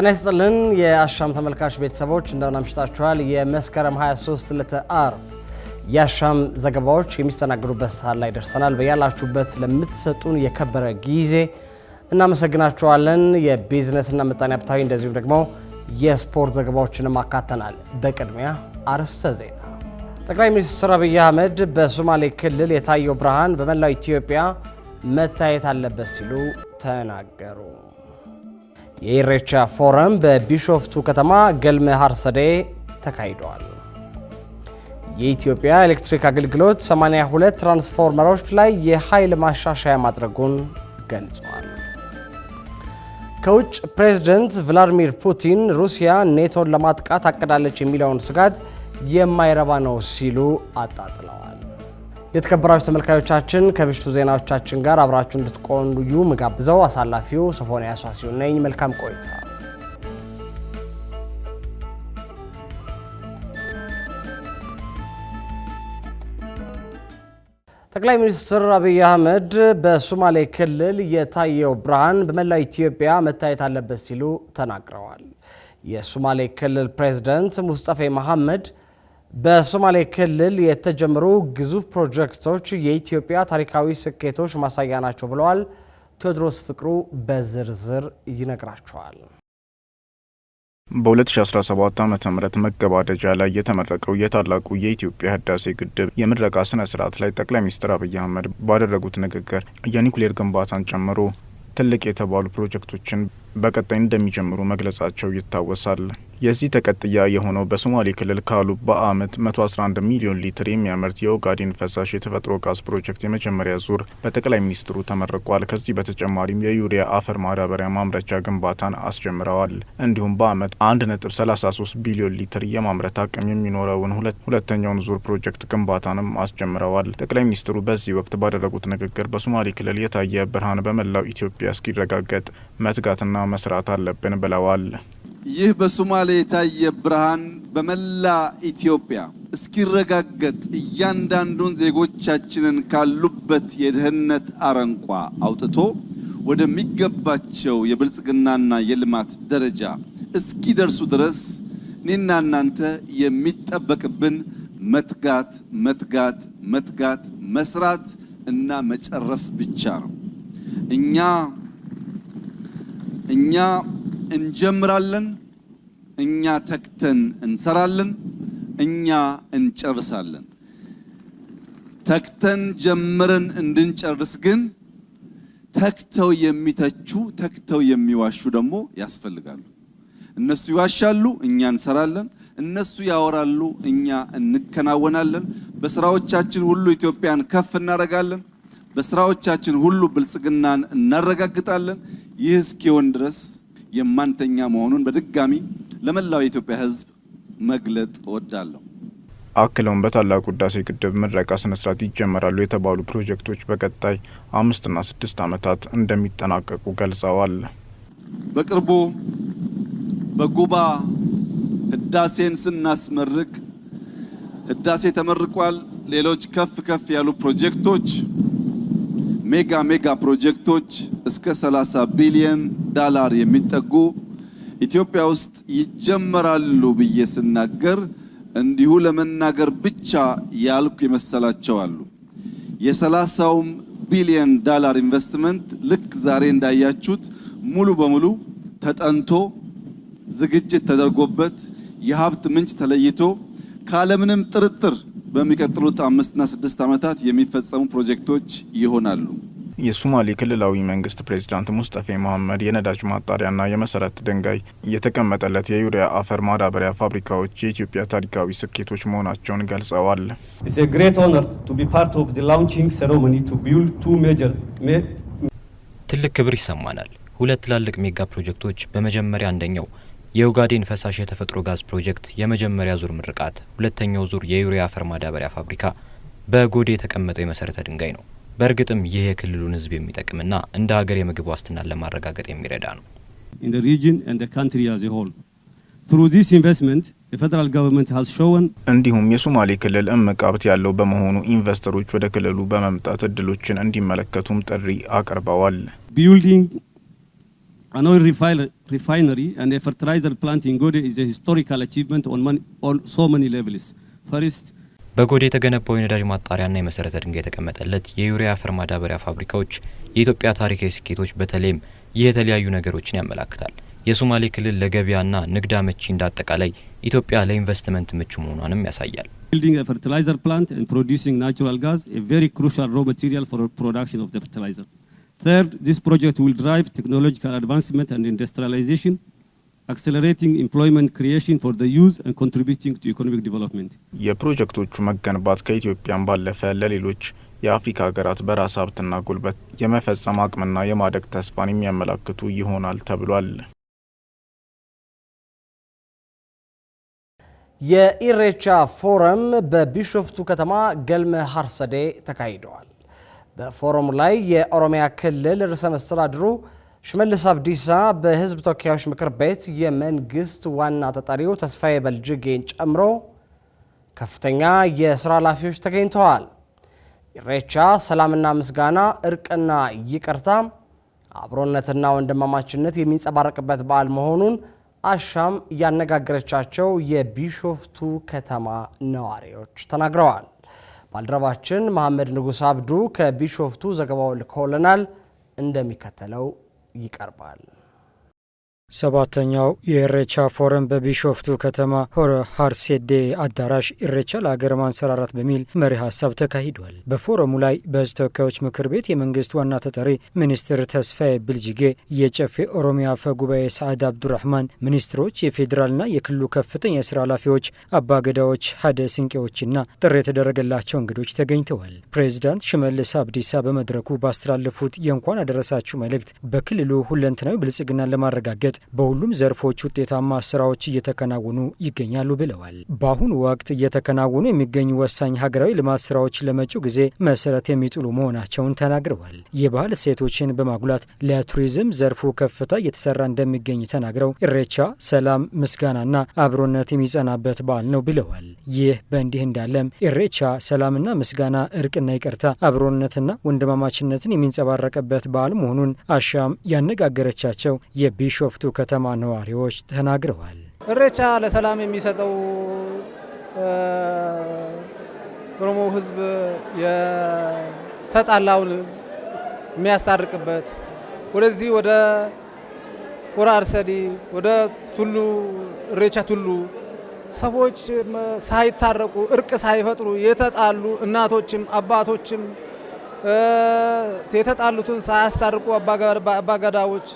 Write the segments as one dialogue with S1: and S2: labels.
S1: ጤና ይስጥልን የአሻም ተመልካች ቤተሰቦች እንደምን አምሽታችኋል። የመስከረም 23 ዕለተ አርብ የአሻም ዘገባዎች የሚስተናገዱበት ሰዓት ላይ ደርሰናል። በያላችሁበት ለምትሰጡን የከበረ ጊዜ እናመሰግናችኋለን። የቢዝነስና ምጣኔ ሀብታዊ እንደዚሁም ደግሞ የስፖርት ዘገባዎችንም አካተናል። በቅድሚያ አርዕስተ ዜና። ጠቅላይ ሚኒስትር አብይ አህመድ በሶማሌ ክልል የታየው ብርሃን በመላው ኢትዮጵያ መታየት አለበት ሲሉ ተናገሩ። የኢሬቻ ፎረም በቢሾፍቱ ከተማ ገልመ ሀርሰዴ ተካሂደዋል። የኢትዮጵያ ኤሌክትሪክ አገልግሎት 82 ትራንስፎርመሮች ላይ የኃይል ማሻሻያ ማድረጉን ገልጿል። ከውጭ ፕሬዝደንት ቭላዲሚር ፑቲን ሩሲያ ኔቶን ለማጥቃት አቅዳለች የሚለውን ስጋት የማይረባ ነው ሲሉ አጣጥለዋል። የተከበራችሁ ተመልካዮቻችን ከምሽቱ ዜናዎቻችን ጋር አብራችሁ እንድትቆዩ ምጋብዘው አሳላፊው ሶፎንያስ ዋሲሁን ነኝ። መልካም ቆይታ። ጠቅላይ ሚኒስትር አብይ አህመድ በሶማሌ ክልል የታየው ብርሃን በመላው ኢትዮጵያ መታየት አለበት ሲሉ ተናግረዋል። የሶማሌ ክልል ፕሬዚደንት ሙስጠፌ መሐመድ በሶማሌ ክልል የተጀመሩ ግዙፍ ፕሮጀክቶች የኢትዮጵያ ታሪካዊ ስኬቶች ማሳያ ናቸው ብለዋል። ቴዎድሮስ ፍቅሩ በዝርዝር ይነግራቸዋል።
S2: በ2017 ዓ ም መገባደጃ ላይ የተመረቀው የታላቁ የኢትዮጵያ ህዳሴ ግድብ የምረቃ ስነ ስርዓት ላይ ጠቅላይ ሚኒስትር አብይ አህመድ ባደረጉት ንግግር የኒውክሌር ግንባታን ጨምሮ ትልቅ የተባሉ ፕሮጀክቶችን በቀጣይ እንደሚጀምሩ መግለጻቸው ይታወሳል። የዚህ ተቀጥያ የሆነው በሶማሌ ክልል ካሉ በአመት 111 ሚሊዮን ሊትር የሚያመርት የኦጋዴን ፈሳሽ የተፈጥሮ ጋዝ ፕሮጀክት የመጀመሪያ ዙር በጠቅላይ ሚኒስትሩ ተመርቋል። ከዚህ በተጨማሪም የዩሪያ አፈር ማዳበሪያ ማምረቻ ግንባታን አስጀምረዋል። እንዲሁም በአመት 1.33 ቢሊዮን ሊትር የማምረት አቅም የሚኖረውን ሁለተኛውን ዙር ፕሮጀክት ግንባታንም አስጀምረዋል። ጠቅላይ ሚኒስትሩ በዚህ ወቅት ባደረጉት ንግግር በሶማሌ ክልል የታየ ብርሃን በመላው ኢትዮጵያ እስኪረጋገጥ መትጋትና ስራና መስራት አለብን ብለዋል።
S3: ይህ በሶማሌ የታየ ብርሃን በመላ ኢትዮጵያ እስኪረጋገጥ እያንዳንዱን ዜጎቻችንን ካሉበት የድህነት አረንቋ አውጥቶ ወደሚገባቸው የብልጽግናና የልማት ደረጃ እስኪደርሱ ድረስ እኔና እናንተ የሚጠበቅብን መትጋት መትጋት መትጋት መስራት እና መጨረስ ብቻ ነው። እኛ እኛ እንጀምራለን፣ እኛ ተክተን እንሰራለን፣ እኛ እንጨርሳለን። ተክተን ጀምረን እንድንጨርስ ግን ተክተው የሚተቹ ተክተው የሚዋሹ ደግሞ ያስፈልጋሉ። እነሱ ይዋሻሉ፣ እኛ እንሰራለን። እነሱ ያወራሉ፣ እኛ እንከናወናለን። በስራዎቻችን ሁሉ ኢትዮጵያን ከፍ እናደርጋለን። በስራዎቻችን ሁሉ ብልጽግናን እናረጋግጣለን። ይህ እስኪሆን ድረስ የማንተኛ መሆኑን በድጋሚ ለመላው የኢትዮጵያ ሕዝብ መግለጥ እወዳለሁ።
S2: አክለውም በታላቁ ህዳሴ ግድብ ምረቃ ስነ ስርዓት ይጀመራሉ የተባሉ ፕሮጀክቶች በቀጣይ አምስትና ስድስት ዓመታት እንደሚጠናቀቁ ገልጸዋል።
S3: በቅርቡ በጉባ ህዳሴን ስናስመርቅ ህዳሴ ተመርቋል። ሌሎች ከፍ ከፍ ያሉ ፕሮጀክቶች ሜጋ ሜጋ ፕሮጀክቶች እስከ 30 ቢሊዮን ዳላር የሚጠጉ ኢትዮጵያ ውስጥ ይጀመራሉ ብዬ ስናገር እንዲሁ ለመናገር ብቻ ያልኩ የመሰላቸው አሉ። የሰላሳውም ቢሊዮን ዳላር ኢንቨስትመንት ልክ ዛሬ እንዳያችሁት ሙሉ በሙሉ ተጠንቶ ዝግጅት ተደርጎበት የሀብት ምንጭ ተለይቶ ካለምንም ጥርጥር በሚቀጥሉት አምስትና ስድስት ዓመታት የሚፈጸሙ ፕሮጀክቶች ይሆናሉ።
S2: የሱማሌ ክልላዊ መንግስት ፕሬዚዳንት ሙስጠፌ መሐመድ የነዳጅ ማጣሪያና የመሰረት ድንጋይ የተቀመጠለት የዩሪያ አፈር ማዳበሪያ ፋብሪካዎች የኢትዮጵያ ታሪካዊ ስኬቶች መሆናቸውን ገልጸዋል።
S4: ትልቅ ክብር ይሰማናል። ሁለት ትላልቅ ሜጋ ፕሮጀክቶች፣ በመጀመሪያ አንደኛው የኡጋዴን ፈሳሽ የተፈጥሮ ጋዝ ፕሮጀክት የመጀመሪያ ዙር ምርቃት፣ ሁለተኛው ዙር የዩሪያ አፈር ማዳበሪያ ፋብሪካ በጎዴ የተቀመጠው የመሰረተ ድንጋይ ነው። በእርግጥም ይህ የክልሉን ህዝብ የሚጠቅምና እንደ ሀገር የምግብ ዋስትናን ለማረጋገጥ የሚረዳ ነው።
S1: ሪጅን ኤንድ ዘ ካንትሪ ሆል
S4: ትሩ
S2: ዚስ ኢንቨስትመንት የፌደራል ገቨርንመንት ሀዝ ሾወን እንዲሁም የሶማሌ ክልል እምቅ ሀብት ያለው በመሆኑ ኢንቨስተሮች ወደ ክልሉ በመምጣት እድሎችን እንዲመለከቱም ጥሪ አቅርበዋል። ቢልዲንግ
S1: ሪፋይነሪ አንድ የፈርትላይዘር ፕላንት ኢን ጎዴ ኢዝ ሂስቶሪካል አቺቭመንት ኦን ሶ መኒ ሌቭልስ ፈርስት
S4: በጎዴ የተገነባው የነዳጅ ማጣሪያና የመሰረተ ድንጋይ የተቀመጠለት የዩሪያ አፈር ማዳበሪያ ፋብሪካዎች የኢትዮጵያ ታሪካዊ ስኬቶች፣ በተለይም ይህ የተለያዩ ነገሮችን ያመላክታል። የሶማሌ ክልል ለገበያና ንግድ አመቺ፣ እንደ አጠቃላይ ኢትዮጵያ ለኢንቨስትመንት ምቹ መሆኗንም ያሳያል።
S1: ቢልዲንግ ፈርቲላይዘር ፕላንት ኤንድ ፕሮዲውሲንግ ናቹራል ጋዝ ኤ ቬሪ ክሩሻል ሮ ማቴሪያል ፎር ፕሮዳክሽን ኦፍ ፈርቲላይዘር
S4: ተርድ ዚስ ፕሮጀክት
S1: ዊል ድራይቭ ቴክኖሎጂካል አድቫንስመንት ኤንድ ኢንዱስትሪያላይዜሽን accelerating employment creation for the youth and contributing to economic development።
S2: የፕሮጀክቶቹ መገንባት ከኢትዮጵያን ባለፈ ለሌሎች የአፍሪካ ሀገራት በራስ ሀብትና ጉልበት የመፈጸም አቅምና የማደግ ተስፋን የሚያመላክቱ ይሆናል ተብሏል።
S1: የኢሬቻ ፎረም በቢሾፍቱ ከተማ ገልመ ሀርሰዴ ተካሂደዋል። በፎረሙ ላይ የኦሮሚያ ክልል ርዕሰ መስተዳድሩ ሽመልስ አብዲሳ በህዝብ ተወካዮች ምክር ቤት የመንግስት ዋና ተጠሪው ተስፋዬ በልጅጌን ጨምሮ ከፍተኛ የስራ ኃላፊዎች ተገኝተዋል። ኢሬቻ ሰላምና ምስጋና፣ እርቅና ይቅርታ፣ አብሮነትና ወንድማማችነት የሚንጸባረቅበት በዓል መሆኑን አሻም ያነጋገረቻቸው የቢሾፍቱ ከተማ ነዋሪዎች ተናግረዋል። ባልደረባችን መሐመድ ንጉስ አብዱ ከቢሾፍቱ ዘገባው ልኮልናል፣ እንደሚከተለው ይቀርባል።
S4: ሰባተኛው የኢሬቻ ፎረም በቢሾፍቱ ከተማ ሆረ ሀርሴዴ አዳራሽ ኢሬቻ ለሀገር ማንሰራራት በሚል መሪ ሀሳብ ተካሂዷል። በፎረሙ ላይ በህዝብ ተወካዮች ምክር ቤት የመንግስት ዋና ተጠሪ ሚኒስትር ተስፋዬ ብልጅጌ፣ የጨፌ ኦሮሚያ አፈ ጉባኤ ሰዓድ አብዱራህማን፣ ሚኒስትሮች፣ የፌዴራልና የክልሉ ከፍተኛ የስራ ኃላፊዎች፣ አባገዳዎች፣ ሀደ ስንቄዎችና ጥሪ የተደረገላቸው እንግዶች ተገኝተዋል። ፕሬዚዳንት ሽመልስ አብዲሳ በመድረኩ ባስተላለፉት የእንኳን አደረሳችሁ መልእክት በክልሉ ሁለንትናዊ ብልጽግናን ለማረጋገጥ በሁሉም ዘርፎች ውጤታማ ስራዎች እየተከናወኑ ይገኛሉ ብለዋል። በአሁኑ ወቅት እየተከናወኑ የሚገኙ ወሳኝ ሀገራዊ ልማት ስራዎች ለመጪው ጊዜ መሰረት የሚጥሉ መሆናቸውን ተናግረዋል። የባህል እሴቶችን በማጉላት ለቱሪዝም ዘርፉ ከፍታ እየተሰራ እንደሚገኝ ተናግረው ኢሬቻ ሰላም፣ ምስጋናና አብሮነት የሚጸናበት በዓል ነው ብለዋል። ይህ በእንዲህ እንዳለም ኢሬቻ ሰላምና ምስጋና፣ እርቅና ይቅርታ፣ አብሮነትና ወንድማማችነትን የሚንጸባረቅበት በዓል መሆኑን አሻም ያነጋገረቻቸው የቢሾፍቱ ከተማ ነዋሪዎች ተናግረዋል። እሬቻ
S1: ለሰላም የሚሰጠው ኦሮሞ ህዝብ የተጣላውን የሚያስታርቅበት ወደዚህ ወደ ወራ ወደ ቱሉ እሬቻ ቱሉ ሰዎች ሳይታረቁ እርቅ ሳይፈጥሩ የተጣሉ እናቶችም አባቶችም የተጣሉትን ሳያስታርቁ አባገዳዎች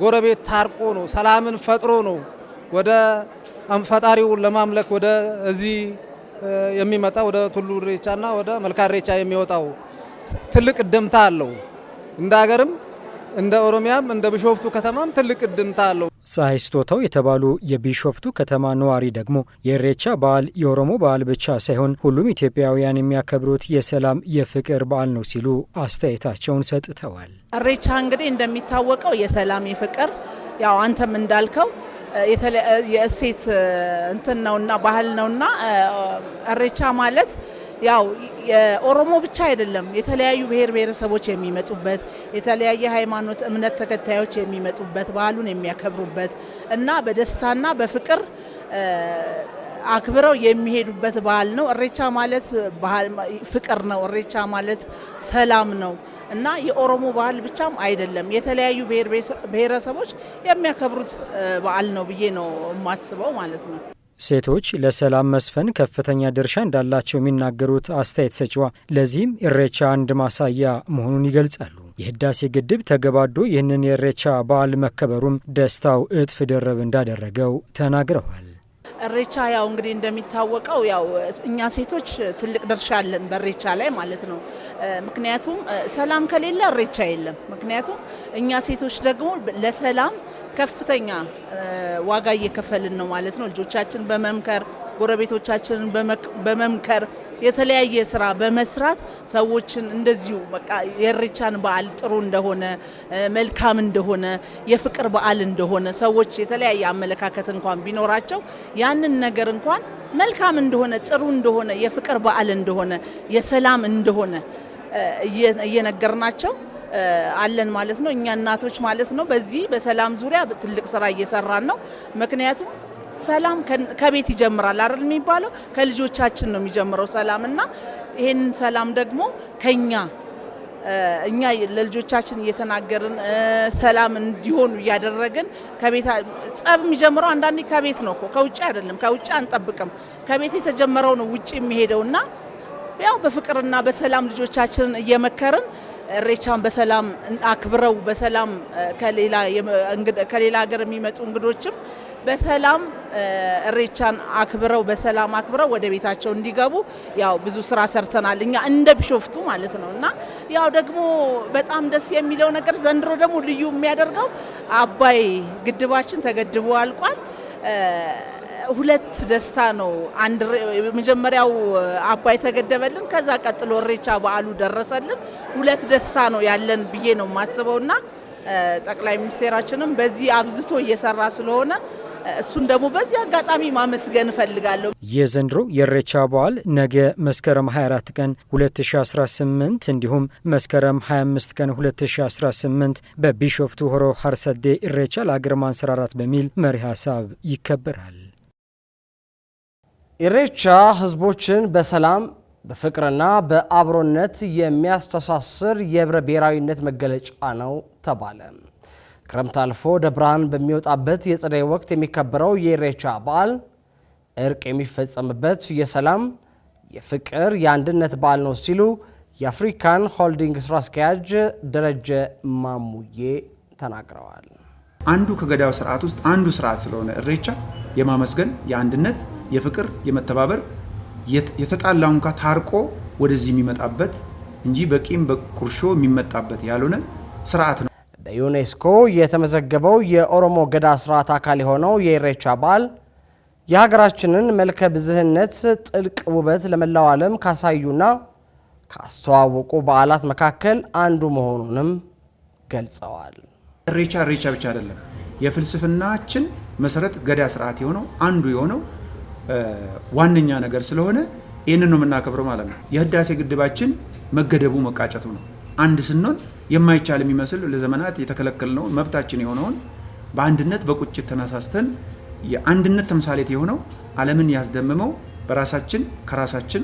S1: ጎረቤት ታርቆ ነው ሰላምን ፈጥሮ ነው ወደ ፈጣሪውን ለማምለክ ወደ እዚህ የሚመጣ ወደ ቱሉ ሬቻና ወደ መልካ የሚወጣው ትልቅ ደምታ አለው እንደ ሀገርም እንደ ኦሮሚያም እንደ ቢሾፍቱ ከተማም ትልቅ እድምታ አለው።
S4: ፀሐይ ስጦታው የተባሉ የቢሾፍቱ ከተማ ነዋሪ ደግሞ የኢሬቻ በዓል የኦሮሞ በዓል ብቻ ሳይሆን ሁሉም ኢትዮጵያውያን የሚያከብሩት የሰላም የፍቅር በዓል ነው ሲሉ አስተያየታቸውን ሰጥተዋል።
S5: ኢሬቻ እንግዲህ እንደሚታወቀው የሰላም የፍቅር ያው አንተም እንዳልከው የእሴት እንትን ነውና ባህል ነውና ኢሬቻ ማለት ያው የኦሮሞ ብቻ አይደለም፣ የተለያዩ ብሔር ብሔረሰቦች የሚመጡበት የተለያየ ሃይማኖት እምነት ተከታዮች የሚመጡበት ባህሉን የሚያከብሩበት እና በደስታና በፍቅር አክብረው የሚሄዱበት ባህል ነው። እሬቻ ማለት ፍቅር ነው። እሬቻ ማለት ሰላም ነው እና የኦሮሞ ባህል ብቻም አይደለም የተለያዩ ብሔረሰቦች የሚያከብሩት በዓል ነው ብዬ ነው የማስበው ማለት ነው።
S4: ሴቶች ለሰላም መስፈን ከፍተኛ ድርሻ እንዳላቸው የሚናገሩት አስተያየት ሰጭዋ ለዚህም ኢሬቻ አንድ ማሳያ መሆኑን ይገልጻሉ። የህዳሴ ግድብ ተገባዶ ይህንን የኢሬቻ በዓል መከበሩም ደስታው እጥፍ ደረብ እንዳደረገው ተናግረዋል።
S5: እሬቻ ያው እንግዲህ እንደሚታወቀው ያው እኛ ሴቶች ትልቅ ድርሻ አለን በእሬቻ ላይ ማለት ነው። ምክንያቱም ሰላም ከሌለ እሬቻ የለም። ምክንያቱም እኛ ሴቶች ደግሞ ለሰላም ከፍተኛ ዋጋ እየከፈልን ነው ማለት ነው። ልጆቻችን በመምከር ጎረቤቶቻችንን በመምከር የተለያየ ስራ በመስራት ሰዎችን እንደዚሁ በቃ የኢሬቻን በዓል ጥሩ እንደሆነ መልካም እንደሆነ የፍቅር በዓል እንደሆነ ሰዎች የተለያየ አመለካከት እንኳን ቢኖራቸው ያንን ነገር እንኳን መልካም እንደሆነ ጥሩ እንደሆነ የፍቅር በዓል እንደሆነ የሰላም እንደሆነ እየነገርናቸው አለን ማለት ነው። እኛ እናቶች ማለት ነው በዚህ በሰላም ዙሪያ ትልቅ ስራ እየሰራን ነው። ምክንያቱም ሰላም ከቤት ይጀምራል አይደል የሚባለው፣ ከልጆቻችን ነው የሚጀምረው ሰላም እና ይሄንን ሰላም ደግሞ ከኛ እኛ ለልጆቻችን እየተናገርን ሰላም እንዲሆኑ እያደረግን ከቤት ጸብ የሚጀምረው አንዳንዴ ከቤት ነው እኮ ከውጭ አይደለም። ከውጭ አንጠብቅም። ከቤት የተጀመረው ነው ውጭ የሚሄደውና ያው በፍቅርና በሰላም ልጆቻችንን እየመከርን እሬቻን በሰላም አክብረው በሰላም ከሌላ ሀገር የሚመጡ እንግዶችም በሰላም እሬቻን አክብረው በሰላም አክብረው ወደ ቤታቸው እንዲገቡ ያው ብዙ ስራ ሰርተናል እኛ እንደ ቢሾፍቱ ማለት ነው። እና ያው ደግሞ በጣም ደስ የሚለው ነገር ዘንድሮ ደግሞ ልዩ የሚያደርገው አባይ ግድባችን ተገድቦ አልቋል። ሁለት ደስታ ነው። አንድ መጀመሪያው አባይ ተገደበልን፣ ከዛ ቀጥሎ ኢሬቻ በዓሉ ደረሰልን። ሁለት ደስታ ነው ያለን ብዬ ነው የማስበው እና ጠቅላይ ሚኒስቴራችንም በዚህ አብዝቶ እየሰራ ስለሆነ እሱን ደግሞ በዚህ አጋጣሚ ማመስገን እፈልጋለሁ።
S4: የዘንድሮ የኢሬቻ በዓል ነገ መስከረም 24 ቀን 2018 እንዲሁም መስከረም 25 ቀን 2018 በቢሾፍቱ ሆሮ ሀርሰዴ ኢሬቻ ለአገር ማንሰራራት በሚል መሪ ሀሳብ ይከበራል።
S1: ኢሬቻ ህዝቦችን በሰላም በፍቅርና በአብሮነት የሚያስተሳስር የህብረ ብሔራዊነት መገለጫ ነው ተባለ። ክረምት አልፎ ወደ ብርሃን በሚወጣበት የጸደይ ወቅት የሚከበረው የኢሬቻ በዓል እርቅ የሚፈጸምበት የሰላም፣ የፍቅር፣ የአንድነት በዓል ነው ሲሉ የአፍሪካን ሆልዲንግ ስራ አስኪያጅ ደረጀ ማሙዬ ተናግረዋል።
S6: አንዱ ከገዳዩ ስርዓት ውስጥ አንዱ ስርዓት ስለሆነ እሬቻ የማመስገን የአንድነት፣ የፍቅር፣ የመተባበር የተጣላው እንኳ ታርቆ ወደዚህ የሚመጣበት
S1: እንጂ በቂም በቁርሾ የሚመጣበት ያልሆነ ስርዓት ነው። በዩኔስኮ የተመዘገበው የኦሮሞ ገዳ ስርዓት አካል የሆነው የኢሬቻ በዓል የሀገራችንን መልከ ብዝህነት ጥልቅ ውበት ለመላው ዓለም ካሳዩና ካስተዋወቁ በዓላት መካከል አንዱ መሆኑንም ገልጸዋል። እሬቻ እሬቻ ብቻ አይደለም። የፍልስፍናችን መሰረት ገዳ ስርዓት የሆነው አንዱ የሆነው
S6: ዋነኛ ነገር ስለሆነ ይህንን ነው የምናከብረው ማለት ነው። የህዳሴ ግድባችን መገደቡ መቃጨቱ ነው። አንድ ስንሆን የማይቻል የሚመስል ለዘመናት የተከለከልነውን መብታችን የሆነውን በአንድነት በቁጭት ተነሳስተን የአንድነት ተምሳሌት የሆነው
S1: ዓለምን ያስደምመው በራሳችን ከራሳችን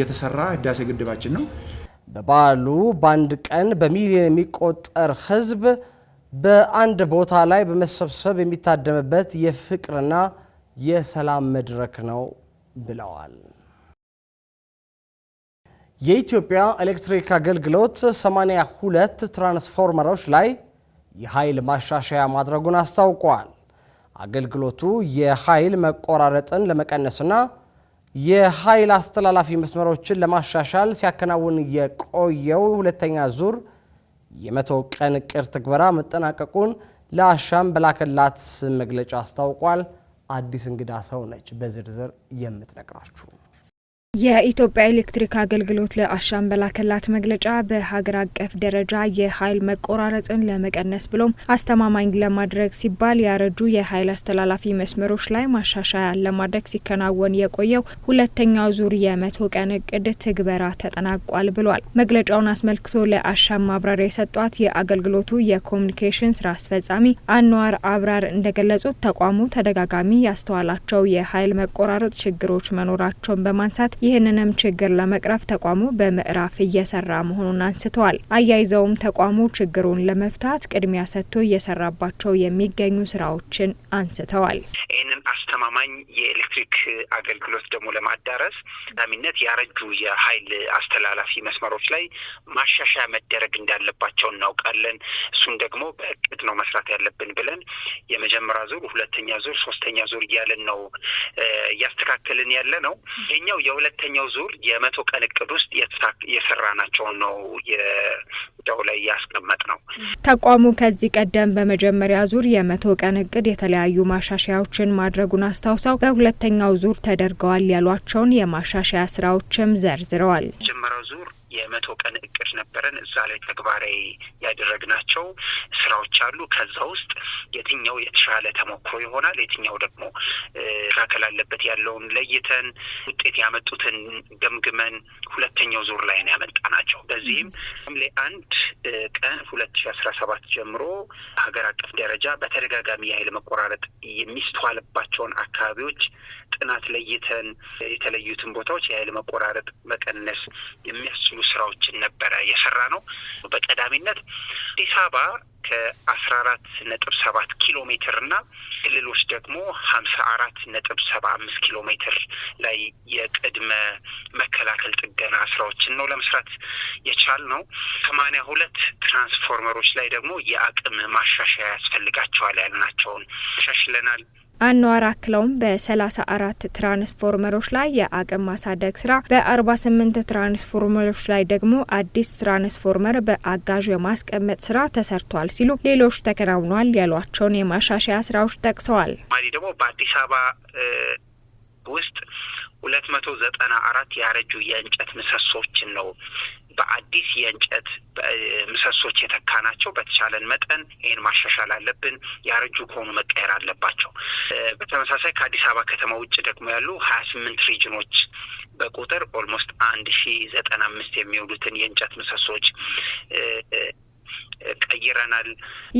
S1: የተሰራ ህዳሴ ግድባችን ነው። በበዓሉ በአንድ ቀን በሚሊዮን የሚቆጠር ህዝብ በአንድ ቦታ ላይ በመሰብሰብ የሚታደምበት የፍቅርና የሰላም መድረክ ነው ብለዋል። የኢትዮጵያ ኤሌክትሪክ አገልግሎት 82 ትራንስፎርመሮች ላይ የኃይል ማሻሻያ ማድረጉን አስታውቋል። አገልግሎቱ የኃይል መቆራረጥን ለመቀነስና የኃይል አስተላላፊ መስመሮችን ለማሻሻል ሲያከናውን የቆየው ሁለተኛ ዙር የመቶ ቀን እቅድ ትግበራ መጠናቀቁን ለአሻም በላከላት መግለጫ አስታውቋል። አዲስ እንግዳ ሰው ነች በዝርዝር የምትነግራችሁ
S7: የኢትዮጵያ ኤሌክትሪክ አገልግሎት ለአሻም በላከላት መግለጫ በሀገር አቀፍ ደረጃ የኃይል መቆራረጥን ለመቀነስ ብሎም አስተማማኝ ለማድረግ ሲባል ያረጁ የኃይል አስተላላፊ መስመሮች ላይ ማሻሻያ ለማድረግ ሲከናወን የቆየው ሁለተኛው ዙር የመቶ ቀን እቅድ ትግበራ ተጠናቋል ብሏል። መግለጫውን አስመልክቶ ለአሻም ማብራሪያ የሰጧት የአገልግሎቱ የኮሚኒኬሽን ስራ አስፈጻሚ አንዋር አብራር እንደገለጹት ተቋሙ ተደጋጋሚ ያስተዋላቸው የኃይል መቆራረጥ ችግሮች መኖራቸውን በማንሳት ይህንንም ችግር ለመቅረፍ ተቋሙ በምዕራፍ እየሰራ መሆኑን አንስተዋል። አያይዘውም ተቋሙ ችግሩን ለመፍታት ቅድሚያ ሰጥቶ እየሰራባቸው የሚገኙ ስራዎችን አንስተዋል። ይህንን አስተማማኝ
S6: የኤሌክትሪክ አገልግሎት ደግሞ ለማዳረስ ዳሚነት ያረጁ የኃይል አስተላላፊ መስመሮች ላይ ማሻሻያ መደረግ እንዳለባቸው እናውቃለን። እሱን ደግሞ በእቅድ ነው መስራት ያለብን ብለን የመጀመሪያ ዙር፣ ሁለተኛ ዙር፣ ሶስተኛ ዙር እያለን ነው እያስተካከልን ያለ ነው የኛው የሁለ በሁለተኛው ዙር የመቶ ቀን እቅድ ውስጥ ናቸውን ነው የደው ላይ እያስቀመጥ ነው።
S7: ተቋሙ ከዚህ ቀደም በመጀመሪያ ዙር የመቶ ቀን እቅድ የተለያዩ ማሻሻያዎችን ማድረጉን አስታውሰው በሁለተኛው ዙር ተደርገዋል ያሏቸውን የማሻሻያ ስራዎችም ዘርዝረዋል።
S6: መጀመሪያው ዙር የመቶ ቀን እቅድ ነበረን። እዛ ላይ ተግባራዊ ያደረግናቸው ስራዎች አሉ። ከዛ ውስጥ የትኛው የተሻለ ተሞክሮ ይሆናል፣ የትኛው ደግሞ መካከል አለበት ያለውን ለይተን ውጤት ያመጡትን ገምግመን ሁለተኛው ዙር ላይ ነው ያመጣናቸው። በዚህም ሐምሌ አንድ ቀን ሁለት ሺ አስራ ሰባት ጀምሮ ሀገር አቀፍ ደረጃ በተደጋጋሚ የኃይል መቆራረጥ የሚስተዋልባቸውን አካባቢዎች ጥናት ለይተን የተለዩትን ቦታዎች የኃይል መቆራረጥ መቀነስ የሚያስችሉ ስራዎችን ነበረ የሰራ ነው። በቀዳሚነት አዲስ አበባ ከአስራ አራት ነጥብ ሰባት ኪሎ ሜትር እና ክልሎች ደግሞ ሀምሳ አራት ነጥብ ሰባ አምስት ኪሎ ሜትር ላይ የቅድመ መከላከል ጥገና ስራዎችን ነው ለመስራት የቻል ነው። ሰማንያ ሁለት ትራንስፎርመሮች ላይ ደግሞ የአቅም ማሻሻያ ያስፈልጋቸዋል ያልናቸውን ሻሽለናል።
S7: አኗር አክለውም በ34 ትራንስፎርመሮች ላይ የአቅም ማሳደግ ስራ፣ በ48 ትራንስፎርመሮች ላይ ደግሞ አዲስ ትራንስፎርመር በአጋዥ የማስቀመጥ ስራ ተሰርቷል ሲሉ ሌሎች ተከናውኗል ያሏቸውን የማሻሻያ ስራዎች ጠቅሰዋል።
S6: ማዲ ደግሞ በአዲስ አበባ ውስጥ ሁለት መቶ ዘጠና አራት ያረጁ የእንጨት ምሰሶችን ነው በአዲስ የእንጨት ናቸው። በተቻለን መጠን ይህን ማሻሻል አለብን። ያረጁ ከሆኑ መቀየር አለባቸው። በተመሳሳይ ከአዲስ አበባ ከተማ ውጭ ደግሞ ያሉ ሀያ ስምንት ሪጅኖች በቁጥር ኦልሞስት አንድ ሺ ዘጠና አምስት የሚውሉትን የእንጨት ምሰሶች ቀይረናል።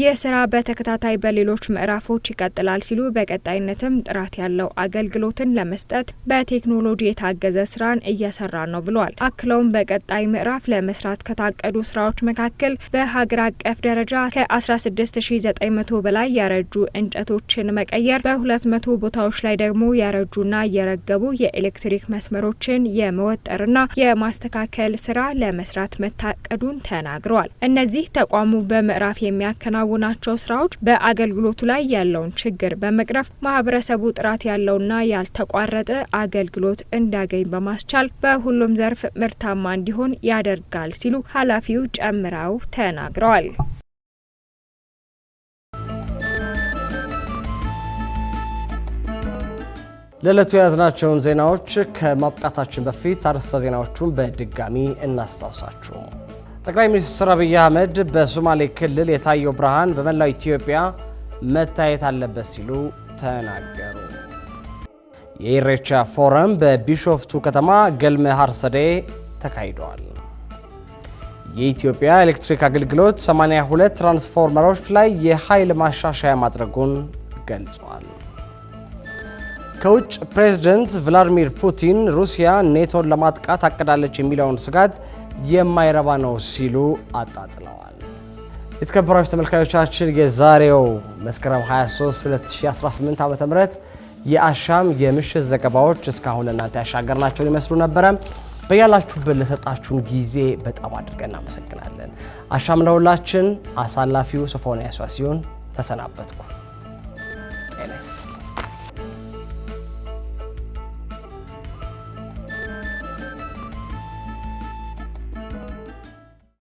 S7: ይህ ስራ በተከታታይ በሌሎች ምዕራፎች ይቀጥላል ሲሉ በቀጣይነትም ጥራት ያለው አገልግሎትን ለመስጠት በቴክኖሎጂ የታገዘ ስራን እየሰራ ነው ብለል። አክለውም በቀጣይ ምዕራፍ ለመስራት ከታቀዱ ስራዎች መካከል በሀገር አቀፍ ደረጃ ከ16900 በላይ ያረጁ እንጨቶችን መቀየር፣ በ200 ቦታዎች ላይ ደግሞ ያረጁና የረገቡ የኤሌክትሪክ መስመሮችን የመወጠርና የማስተካከል ስራ ለመስራት መታቀዱን ተናግረዋል። እነዚህ ተቋሙ ተቋሙ በምዕራፍ የሚያከናውናቸው ስራዎች በአገልግሎቱ ላይ ያለውን ችግር በመቅረፍ ማህበረሰቡ ጥራት ያለውና ያልተቋረጠ አገልግሎት እንዲያገኝ በማስቻል በሁሉም ዘርፍ ምርታማ እንዲሆን ያደርጋል ሲሉ ኃላፊው ጨምረው ተናግረዋል።
S1: ለዕለቱ የያዝናቸውን ዜናዎች ከማብቃታችን በፊት አርዕስተ ዜናዎቹን በድጋሚ እናስታውሳችሁ። ጠቅላይ ሚኒስትር አብይ አህመድ በሶማሌ ክልል የታየው ብርሃን በመላው ኢትዮጵያ መታየት አለበት ሲሉ ተናገሩ። የኢሬቻ ፎረም በቢሾፍቱ ከተማ ገልመ ሀርሰዴ ተካሂደዋል። የኢትዮጵያ ኤሌክትሪክ አገልግሎት 82 ትራንስፎርመሮች ላይ የኃይል ማሻሻያ ማድረጉን ገልጿል። ከውጭ ፕሬዝደንት ቭላድሚር ፑቲን ሩሲያ ኔቶን ለማጥቃት አቅዳለች የሚለውን ስጋት የማይረባ ነው ሲሉ አጣጥለዋል። የተከበራችሁ ተመልካዮቻችን የዛሬው መስከረም 23 2018 ዓ ም የአሻም የምሽት ዘገባዎች እስካሁን ለእናንተ ያሻገርናቸውን ይመስሉ ነበረ። በያላችሁበት ለሰጣችሁን ጊዜ በጣም አድርገን እናመሰግናለን። አሻም ለሁላችን አሳላፊው ሶፎንያስ ሲሆን ተሰናበትኩ።